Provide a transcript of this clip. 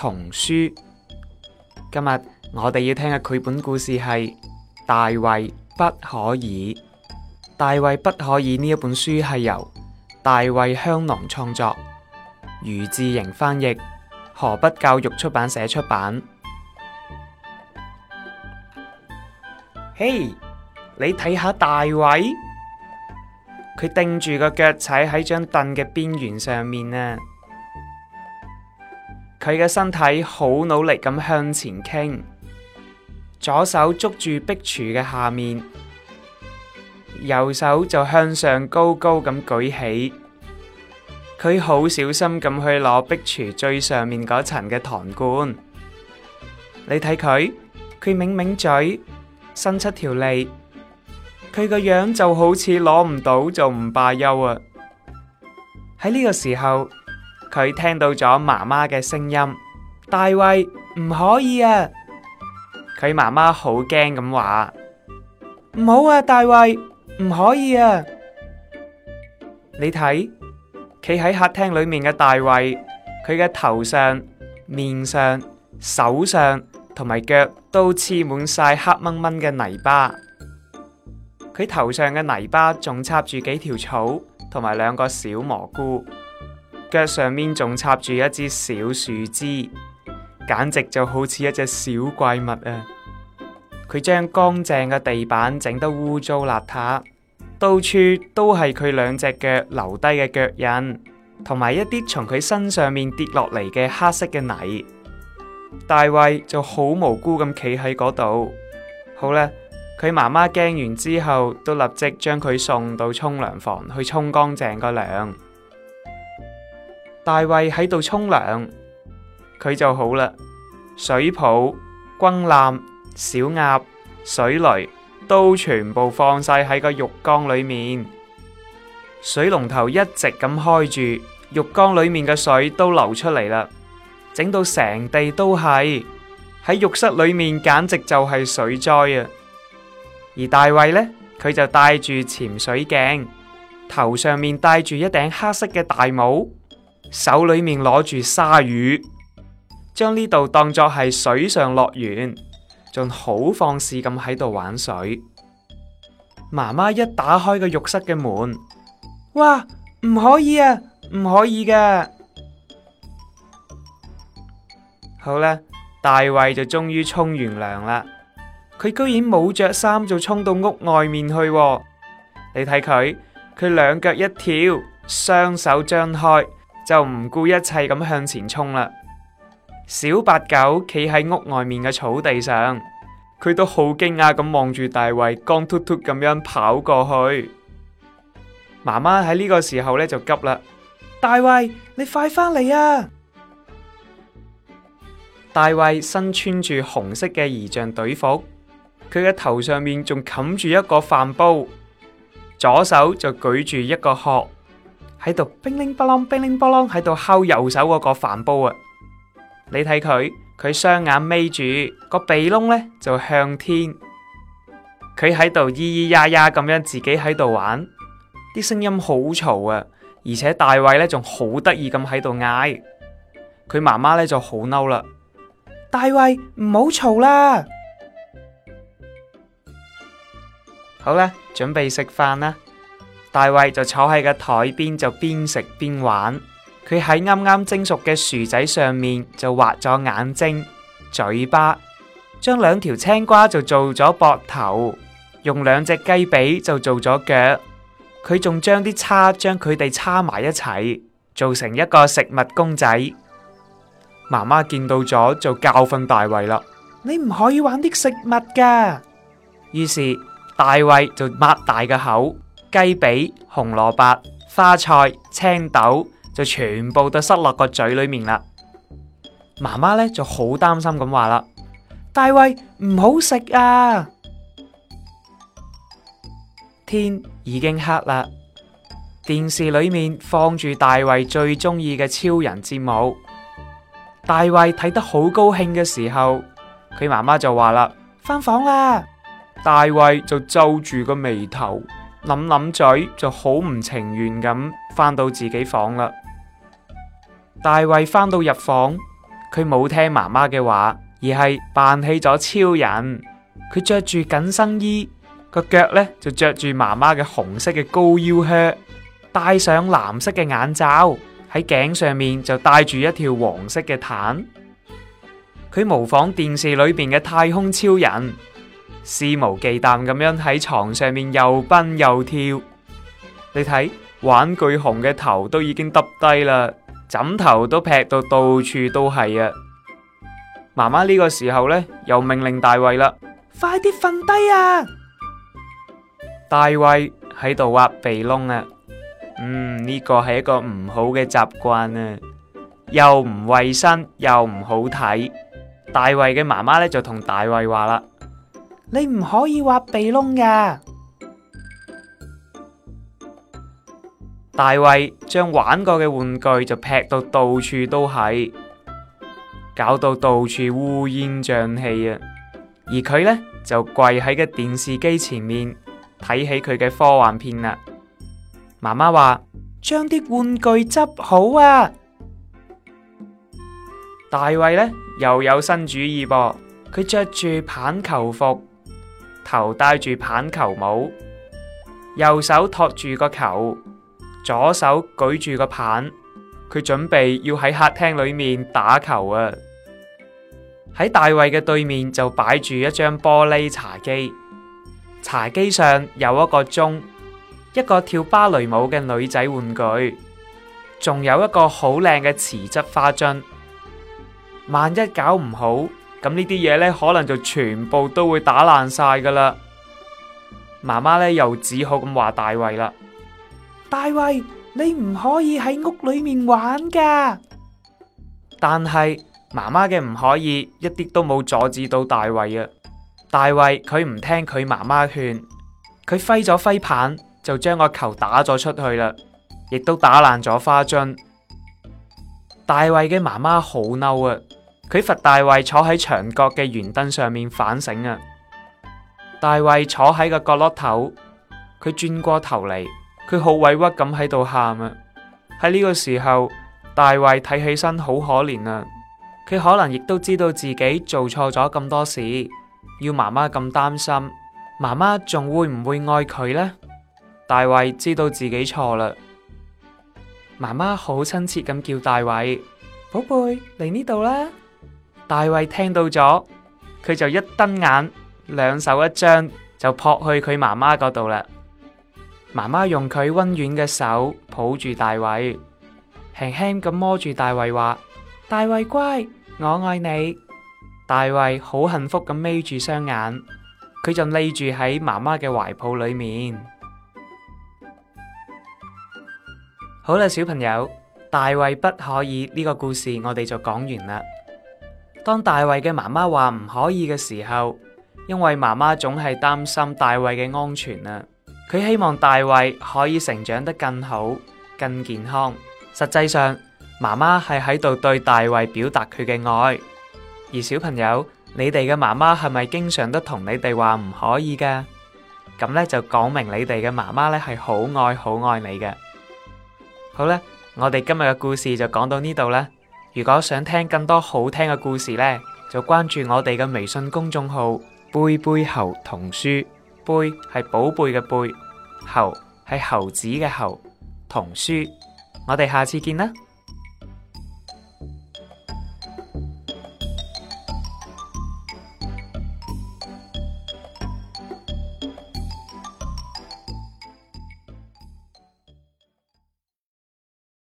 童書，今日我哋要聽嘅繪本故事係《大衛不可以》。《大衛不可以》呢一本書係由大衛香農創作，余治瑩翻譯，河北教育出版社出版。嘿，hey，你睇下大衛，佢定住個腳踩喺張凳嘅邊緣上面啊！佢嘅身體好努力咁向前傾，左手捉住壁櫥嘅下面，右手就向上高高咁舉起。佢好小心咁去攞壁櫥最上面嗰層嘅糖罐。你睇佢，佢抿抿嘴，伸出條脷，佢個樣就好似攞唔到就唔罷休啊！喺呢個時候。佢聽到咗媽媽嘅聲音，大衛，唔可以啊！佢媽媽好驚咁話：唔好啊，大衛，唔可以啊！你睇，企喺客廳裏面嘅大衛，佢嘅頭上、面上、手上同埋腳都黐滿晒黑蚊蚊嘅泥巴，佢頭上嘅泥巴仲插住幾條草同埋兩個小蘑菇。腳上面仲插住一支小樹枝，簡直就好似一隻小怪物啊！佢將乾淨嘅地板整得污糟邋遢，到處都係佢兩隻腳留低嘅腳印，同埋一啲從佢身上面跌落嚟嘅黑色嘅泥。大衛就好無辜咁企喺嗰度。好啦，佢媽媽驚完之後，都立即將佢送到沖涼房去沖乾淨個涼。大衛喺度沖涼，佢就好啦。水泡、軍艦、小鴨、水雷都全部放晒喺個浴缸裏面，水龍頭一直咁開住，浴缸裏面嘅水都流出嚟啦，到整到成地都係。喺浴室裏面，簡直就係水災啊！而大衛呢，佢就戴住潛水鏡，頭上面戴住一頂黑色嘅大帽。手裏面攞住鯊魚，將呢度當作係水上樂園，仲好放肆咁喺度玩水。媽媽一打開個浴室嘅門，哇，唔可以啊，唔可以嘅。好啦，大衛就終於沖完涼啦，佢居然冇着衫就沖到屋外面去喎。你睇佢，佢兩腳一跳，雙手張開。就唔顧一切咁向前衝啦！小白狗企喺屋外面嘅草地上，佢都好驚訝咁望住大衛，光禿禿咁樣跑過去。媽媽喺呢個時候咧就急啦：大衛，你快返嚟啊！大衛身穿住紅色嘅儀仗隊服，佢嘅頭上面仲冚住一個飯煲，左手就舉住一個殼。喺度乒鈴波啷，乒鈴波啷，喺度敲右手嗰個飯煲啊！你睇佢，佢雙眼眯住，個鼻窿咧就向天。佢喺度咿咿呀呀咁樣自己喺度玩，啲聲音好嘈啊！而且大衛咧仲好得意咁喺度嗌，佢媽媽咧就好嬲啦。大衛，唔好嘈啦，好啦，準備食飯啦。大衛就坐喺個台邊，就邊食邊玩。佢喺啱啱蒸熟嘅薯仔上面就畫咗眼睛、嘴巴，將兩條青瓜就做咗膊頭，用兩隻雞髀就做咗腳。佢仲將啲叉將佢哋叉埋一齊，做成一個食物公仔。媽媽見到咗就教訓大衛啦，你唔可以玩啲食物噶。於是大衛就擘大個口。雞髀、紅蘿蔔、花菜、青豆就全部都塞落個嘴裏面啦。媽媽咧就好擔心咁話啦：「大衛唔好食啊！天已經黑啦，電視裏面放住大衛最中意嘅超人節目。大衛睇得好高興嘅時候，佢媽媽就話啦：「翻房啦！大衛就皺住個眉頭諗諗嘴，就好唔情願咁返到自己房啦。大衛返到入房，佢冇聽媽媽嘅話，而係扮起咗超人。佢着住緊身衣，個腳咧就着住媽媽嘅紅色嘅高腰靴，戴上藍色嘅眼罩，喺頸上面就戴住一條黃色嘅毯。佢模仿電視裏邊嘅太空超人。肆無忌憚咁樣喺床上面又蹦又跳，你睇，玩具熊嘅頭都已經耷低啦，枕頭都劈到到處都係啊！媽媽呢個時候呢，又命令大衛啦，快啲瞓低啊！大衛喺度挖鼻窿啊，嗯，呢個係一個唔好嘅習慣啊，又唔衛生又唔好睇。大衛嘅媽媽呢，就同大衛話啦。你唔可以挖鼻窿噶！大衛將玩過嘅玩具就劈到到處都係，搞到到處烏煙瘴氣啊！而佢呢，就跪喺個電視機前面睇起佢嘅科幻片啦。媽媽話：將啲玩具執好啊！大衛呢，又有新主意噃，佢着住棒球服，頭戴住棒球帽，右手托住個球，左手舉住個棒，佢準備要喺客廳裏面打球啊！喺大衛嘅對面就擺住一張玻璃茶幾，茶幾上有一個鐘，一個跳芭蕾舞嘅女仔玩具，仲有一個好靚嘅瓷質花樽。萬一搞唔好。咁呢啲嘢咧，可能就全部都會打爛晒噶啦。媽媽咧又只好咁話大衛啦，大衛，你唔可以喺屋裏面玩噶。但係媽媽嘅唔可以，一啲都冇阻止到大衛啊。大衛佢唔聽佢媽媽勸，佢揮咗揮棒就將個球打咗出去啦，亦都打爛咗花樽。大衛嘅媽媽好嬲啊！佢罰大衛坐喺牆角嘅圓凳上面反省啊！大衛坐喺個角落頭，佢轉過頭嚟，佢好委屈咁喺度喊啊！喺呢個時候，大衛睇起身好可憐啊！佢可能亦都知道自己做錯咗咁多事，要媽媽咁擔心，媽媽仲會唔會愛佢呢？大衛知道自己錯啦，媽媽好親切咁叫大衛：寶貝，嚟呢度啦！大衛聽到咗，佢就一瞪眼，兩手一張就撲去佢媽媽嗰度啦。媽媽用佢温暖嘅手抱住大衛，輕輕咁摸住大衛話：大衛乖，我愛你。大衛好幸福咁眯住雙眼，佢就匿住喺媽媽嘅懷抱裏面。好啦，小朋友，大衛不可以呢個故事，我哋就講完啦。當大衛嘅媽媽話唔可以嘅時候，因為媽媽總係擔心大衛嘅安全啊，佢希望大衛可以成長得更好、更健康。實際上，媽媽係喺度對大衛表達佢嘅愛。而小朋友，你哋嘅媽媽係咪經常都同你哋話唔可以㗎？咁呢，就講明你哋嘅媽媽呢係好愛好愛你嘅。好啦，我哋今日嘅故事就講到呢度啦。如果想聽更多好聽嘅故事咧，就關注我哋嘅微信公眾號“貝貝猴童書”。貝係寶貝嘅貝，猴係猴子嘅猴，童書。我哋下次見啦。